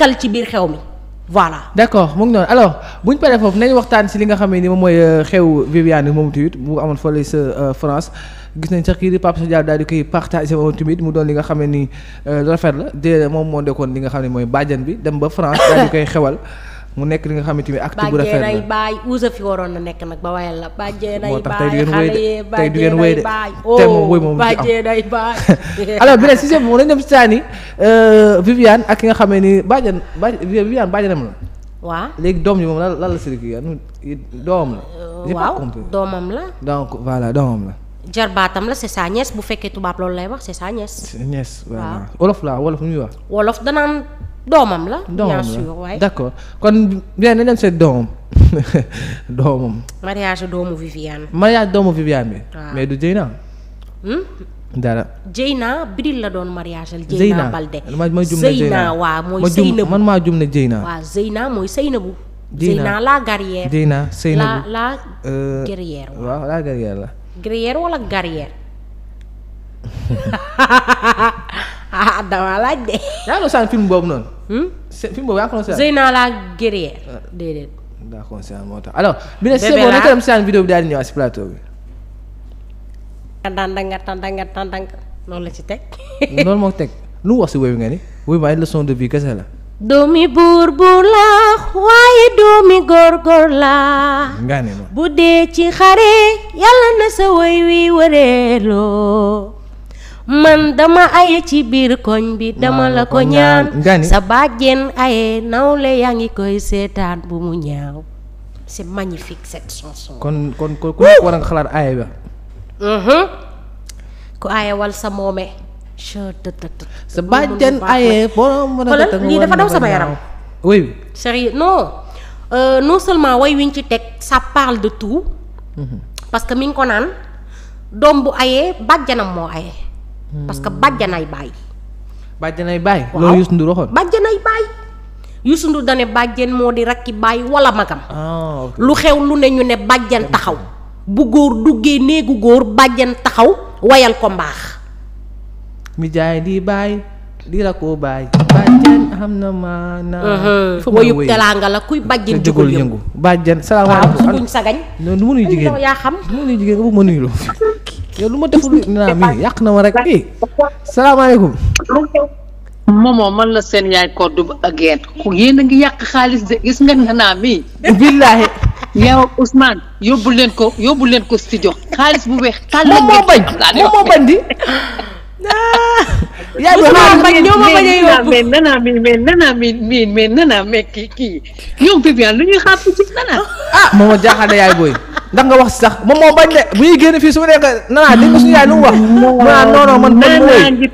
bakkal ci biir xew mi voilà. d' accord mu ngi noonu alors bu ñu paree foofu nañu waxtaan si li nga xam ni moom mooy euh, xew Viviane moom tamit mu amoon fële sa euh, France gis nañ sax kii di Pape Cheikh Diallo daal di koy partagé woon tamit mu doon li nga xam ne nii euh, rafet la de moom moo nekkoon li nga xam ne mooy bàjjan bi dem ba France daal di koy xewal. mu nekk li nga xamante ni acte bu rafet la baay uusa fi waroon na nekk nag ba wayal la bàjjeenay baay xale oh, yee bàjjeenay baay oh bàjjeenay baay alors moom lañ dem sitaani euh, ak ki nga xamee ni bàjjan bàjj Viviane bàjjanam la waaw léegi doom ji moom lan lan la sëriñ kii doomam la euh, waaw doomam la donc voilà doomam la jarbaatam la c'est sa nièce bu fekkee tubaab loolu lay wax c'est sa nièce nièce waaw wolof la wax wolof danaan doomam la. doomam la waaye d'accord na bien nañ seet doomam doomam. mariage doomu Viviane. mariage doomu Viviane bi. mais du Dieyna. Hmm? dara Dieyna Bril la doon mariage al Dieyna Balde ma mooy Seynabu man maa jum ne Dieyna. la guerrière Dieyna Seynabu la la euh, ah damaa laaj de. yaa ngi doon sànni film boobu noonu. Hmm? film boobu yaa ngi ko doon sànni. Zeyna la guerrière. Ah. déedéet. daa ko moo tax alors. bi ne si boobu la mu daal di ñëwaat si teg. loolu moo teg lu wax si wéy nga ni wéy ma ay leçon de vie kese la. doomi buur buur la waaye doomi góorgóor la bu dee ci xare yàlla na sa woy wi wëreeloo man dama aye ci biir koñ bi dama la ko ñaan sa bàjjen aye nawle yaa ngi koy seetaan bu mu ñaaw c'est magnifique cette chanson kon kon kon ku nekk war mm-hmm. aye wal sa moome sa bàjjen aye borom lii dafa daw sama yaram oui sérieux non Euh, non seulement way wiñ ci teg ça parle de tout. Mm -hmm. que mi ngi ko naan doom bu ayee bàjjanam moo ayee. parce que bàjjanay baay. bàjjanay baay. waaw loolu Youssou Ndour waxoon. bàjjanay baay. Youssou Ndour da ne bàjjen moo di rakki baay wala magam. Ah, lu xew lu ne ñu ne bàjjan taxaw. bu góor duggee néegu góor bàjjan taxaw wayal ko mbaax. mi jaay di baay di rakkoo baay. bàjjan am na maanaam. fa wayub teraanga la kuy bàjjan jugul yëngu bàjjan salaamaaleykum waaw suñu sagañ. noonu nu mënuy jigéen yaa xam mënuy jigéen yow lu ma deful naa mi yàq na ma rek i eh, salaamaaleykum moomoo man la seen yaay koddu ak yéen yéen ngi yàq xaalis de gis nga naa mi billaahi yow Ousmane yóbbu leen ko yóbbu leen ko studio xaalis bu weex tàll moom moo bañ moom lu ñuy xaar ci nana ah moom yaay booy ndax nga wax sax moom moo bañ de bu ñuy génn fii su ma nekk nanaa dégg nga suñu yaay lu wax. mu naan man. man nanaa ngi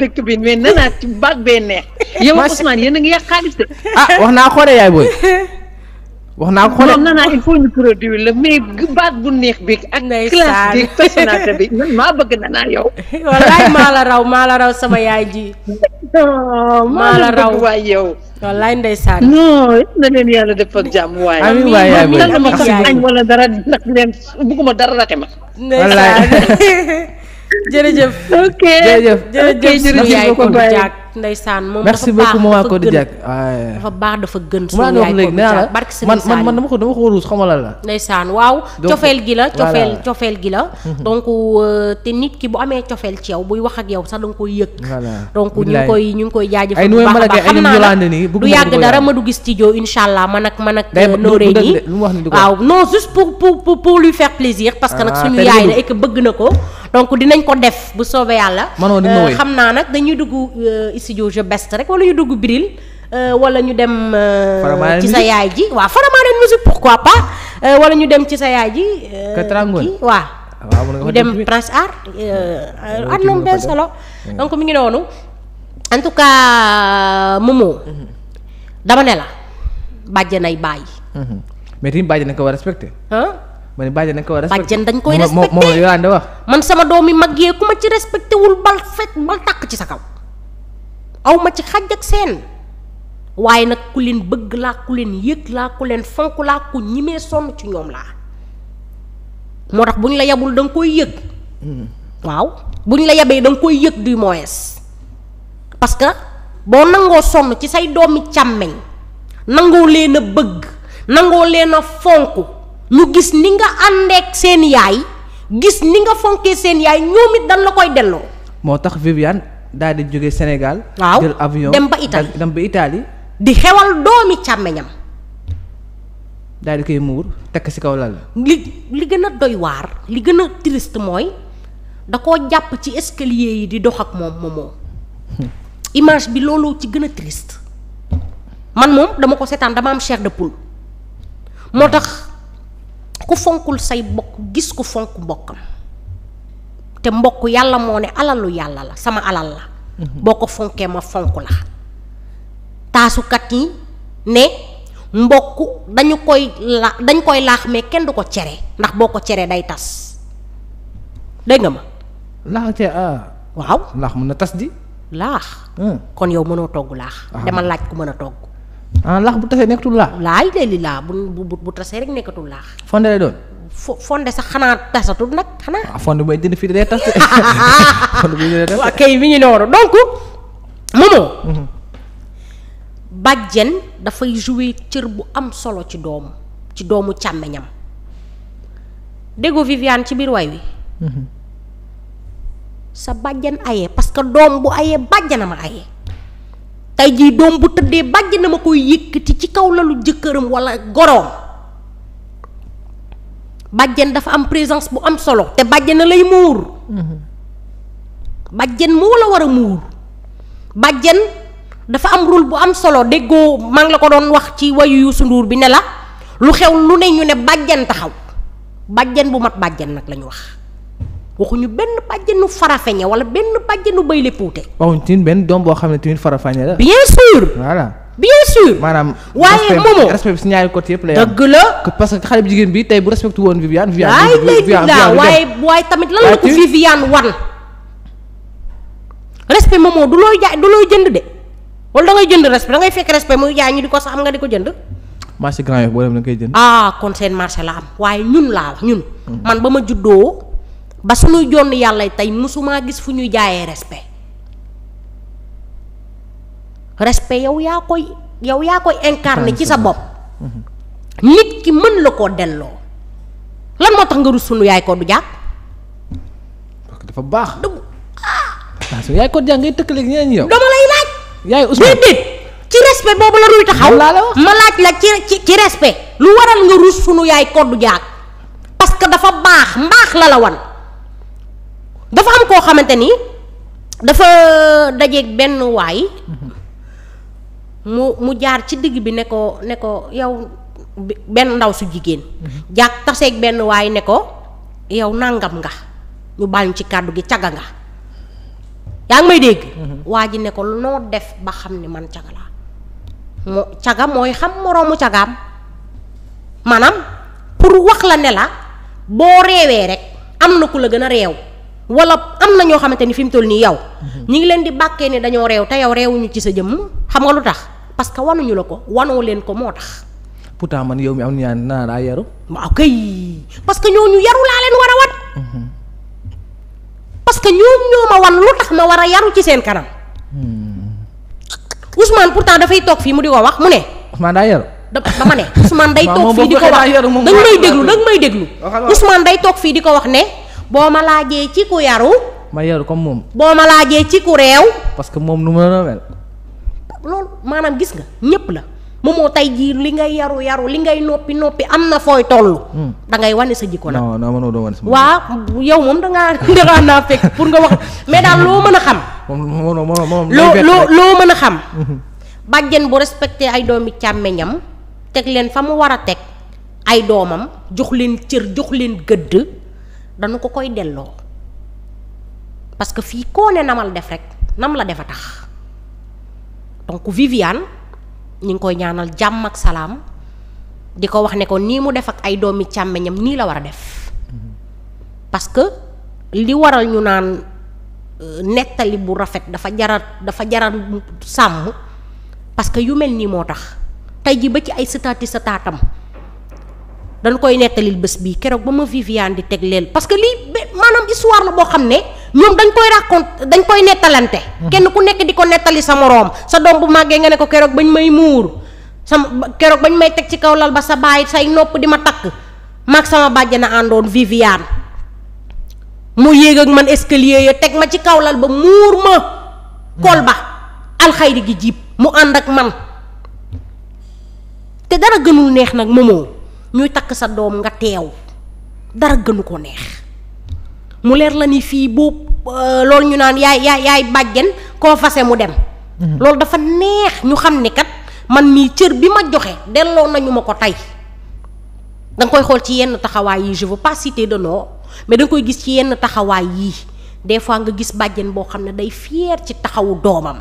dëkk bi mais nanaa ci baag bee a ah, wax naa xoolee booy. wax naa ko non non il faut ñu produire la mais baat bu neex bi ak classe bi personnalité maa bëgg na naa yow. wallaay maa la raw maa la raw sama yaay ji. maa la raw waay yow. wallaay ndeysaan. non na leen yàlla def ak jàmm waaye. amiin waay yaay booy ma sax añ bugguma dara rate ma. ndeysaan jërëjëf. ok jërëjëf jërëjëf suñu yaay kon jaag. ndeysaan moom ah, dafa baax dafa gën baax dafa gën suñu yaay ko di man man man dama ko dama ko ruus la ndeysaan waaw gi la cofeel gi la mhm. donc euh, te nit bu amee cofeel ci buy wax ak yow sax da nga donc ñu ngi ñu ngi koy jaajëfal bu a yàgg dara du gis studio insha allah man ak man ak euh, nooree nii waaw non que nag ah, bëgg na ko donc dinañ ko def bu soobee yàlla. Euh, xam naa nag dañuy dugg euh, studio je best rek wala ñu dugg biril euh, walla ñu dem. ci sa yaay ji waaw faramaane musique pourquoi pas wala ñu dem ci sa yaay ji. kii waaw. Ah, waaw mën dem prince art at moom benn solo donc mu ngi noonu en tout cas Momo mhm. dama ne la bàjjanay bàyyi mhm. mais tamit bàjjan na ko war a ma ne bàjjen dañ ko dañ koy respecté moom man sama doom yi mag yee ku ma ci respecté wul bal fet bal tàkk ci sa kaw aw ma ci xaj ak seen waaye nag ku leen bëgg laa ku leen yëg laa ku leen fonk laa ku ñimee sonn ci ñoom laa moo tax bu ñu la yabul da koy yëg. waaw bu ñu la yabee da koy yëg di moins parce que boo nangoo sonn ci say doomi càmmeñ nangoo leen a bëgg nangoo leen a fonk. mu gis ni nga àndeek seen yaay gis ni nga fonkee seen yaay ñoom it dañ la koy delloo. moo tax Viviane daal di jóge Sénégal. waaw jël avion dem ba Italie di xewal doomi càmmeñam. daal di koy muur tekk ci kaw lal li gën a doy waar li gën a triste mooy da koo jàpp ci escalier yi di dox ak moom moomoo. image bi looloo ci gën a triste man moom dama ko seetaan dama am chair de poule moo tax. ku fonkul say mbokk gis ku fonk mbokkam te mbokk yàlla moo ne alalu yàlla la sama alal la mhm. boo ko fonkee ma fonk la taasukat yi ne mbokk dañu koy la dañ koy laax mais kenn du ko cere ndax boo ko ceree day tas dégg nga ma laax ah. waaw laax mën na tas di laax hmm. kon yow mënoo togg laax ah. dama laaj ku mën a togg ah laax bu tasee nekkatul laax. laay de li laa bu bu tasee rek nekkatul laax. fonde lay doon. fonde sax xanaa tasatul nag xanaa. waaw ah, fonde mooy dina fi dee tas. fonde bi dee tas waaw kay mi mhm. bu am solo ci doomu ci doomu càmmeñam déggoo Viviane ci biir waay wi. Mhm. sa bàjjen ayee parce que doom bu ayee bàjjenam a ayee. tey jii doom bu tëddee bàjj na ma koy yëkkati ci kaw lalu jëkkëram walla goroom bàjjen dafa am présence bu am solo te bàjjena lay muur mhm. bàjjen moo la war a muur bàjjen dafa am rôle bu am solo déggoo maa la ko doon wax ci wayu Youssou Ndour bi ne la lu xew lu ne ñu ne bàjjen taxaw bàjjen bu mat bàjjen nag lañu wax waxuñu benn bàjjenu farafeñe wala benn nu bay le waxuñu tamit benn doom boo xam ne tamit farafeñe la. bien sûr. voilà bien sûr. maanaam waaye moomoo respect bi si ñaari côté yëpp la yàlla. dëgg parce que xale bu bi tey bu respecté woon Viviane. waaye tamit lan la ko Viviane wan. respect moomoo du looy jaay du looy jënd de wala da jënd respect da ngay fekk respect muy jaay ñu di ko sax am nga di ko jënd. marché Grand Yoff boo dem da ngay jënd. ah kon seen marché la am waaye ñun laa wax ñun. Mm. man ba ma juddoo. ba suñuy jonn yàlla tey mësumaa gis fu ñuy jaayee respe respect yow yaa koy yow yaa koy incarné ci sa bopp nit ki mën la koo delloo lan moo tax nga rus sunu yaay ko du jàpp baax dëgg ah! ko jàng yow dama lay laaj yaay Ousmane ci respect boobu la ruy taxaw ma laaj la ci ci respect lu waral nga rus sunu yaay koddu jaag parce que dafa baax mbaax la la wan dafa am koo xamante ni dafa dajeeg benn waay mu mu jaar ci digg bi ne ko ne ko yow benn ndaw su jigéen mhm. jàkk taseeg benn waay ne ko yow nàngam nga ñu baal ci kàddu gi caga nga yaa ngi may dégg mhm. waa ji ne ko noo def ba xam ni man caga la mo caga mooy xam moroomu cagaam maanaam pour wax la ne la boo reewee rek am na ku la gën a reew wala am na ñoo xamante ni fi mu toll nii yow. Mhm. ñi ngi leen di bàkkee ne dañoo réew te yow réewuñu ci sa jëmm xam nga lu tax parce que wanuñu la ko wanoo leen ko moo tax. pourtant man yow mi am na naa daa yaru. waaw kay parce que ñooñu yaru laa war a wan. Mhm. que ñoom ñoo ma wan lu tax ma war a yaru ci seen kanam. pour hmm. pourtant dafay toog fii mu di ko wax mu ne. Ousmane daa yaru. dama ne Ousmane day toog fii di ko wax dañ may déglu dañ may déglu Ousmane day toog fii di ko wax ne. boo ma laajee ci ku yaru ma yaru comme moom boo ma laajee ci ku réew parce que moom nu ma mel loolu maanaam gis nga ñépp la moomoo tey jii li ngay yaru yaru li ngay noppi noppi am na fooy toll. Hmm. da ngay wane sa jikko nag. non non mënoo doo wane sa moom da ngaa da ngaa pour nga mais daal loo mën a xam. moom moom loo loo mën a xam. Hmm. bàjjen bu respecté ay doomi càmmeñam teg leen fa mu war a teg ay doomam jox leen cër jox leen gëdd. dañu ko koy delloo parce que fii koo ne namal def rek nam la def a tax donc Viviane ñu ngi koy ñaanal jàmm ak salaam di ko wax ne ko nii mu def ak ay doomi càmmeñam nii la war a def parce que li waral ñu naan euh, nettali bu rafet dafa jaral dafa jaral sàmm parce que yu mel nii moo tax tey ji ba ci ay sëtaati sëtaatam dañ koy nettalil bés bii keroog ba ma Viviane di teg leen parce que lii maanaam histoire la boo xam ne ñoom dañ koy raconte dañ koy nettalante. Mhm. kenn ku nekk di ko nettali sa moroom sa doom bu màggee nga ne ko keroog bañ may muur sama keroog bañ may teg ci kaw lal ba sa baay say nopp di ma takk maag sama bàjjana àndoon Viviane mu yéeg ak man escalier ya teg ma ci kaw lal ba muur ma. kol ba alxayri gi jiib mu ànd ak man te dara gënul neex nag moomoo. ñuy takk sa doom nga teew dara gënu ko neex mu leer la ni fii bu euh, loolu ñu naan yaay yaay yaay bàjjen koo fase mu dem mhm. loolu dafa neex ñu xam ni kat man mii cër bi ma joxe delloo nañu ma ko tey da koy xool ci yenn taxawaay yi je veux pas citer de mais da koy gis ci yenn taxawaay yii des fois nga gis bàjjen boo xam ne day fier ci taxawu doomam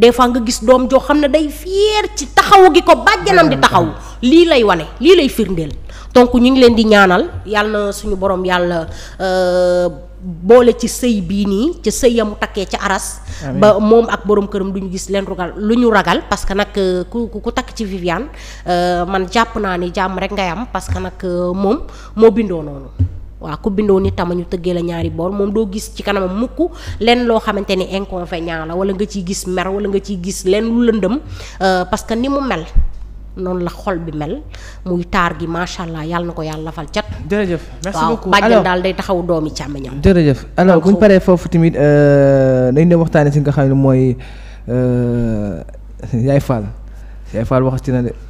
des fois nga gis doom joo xam ne day fier ci taxawu gi ko bàjjanam di taxaw lii lay wane lii lay firndeel donc ñu ngi leen di ñaanal yàlla na suñu borom yàlla euh, boole ci sëy bii nii ci sëy yamu takkee ci aras ba moom ak borom këram du ñu gis leen rugal lu ñu ragal parce que nag euh, ku ku takk ci Viviane euh, man jàpp naa ni jàmm rek ngay am parce que nag moom moo bindoo noonu waaw ku bindoo ni tama ñu tëggee la ñaari boor moom doo gis ci kanamam mukk lenn loo xamante ni inconvénient la wala nga ciy gis mer wala nga ciy gis lenn lu lëndëm euh, parce que ni mu mel noonu la xol bi mel muy taar gi macha allah yàlla na ko yàlla fal cat. jërëjëf merci beaucoup waaw bàjjen daal day taxaw doomi càmmiñam. jërëjëf alors bu ñu paree foofu tamit euh, dañ dem waxtaanee si nga xam ne mooy euh, Yaay Fall Yaay Fall waxati de.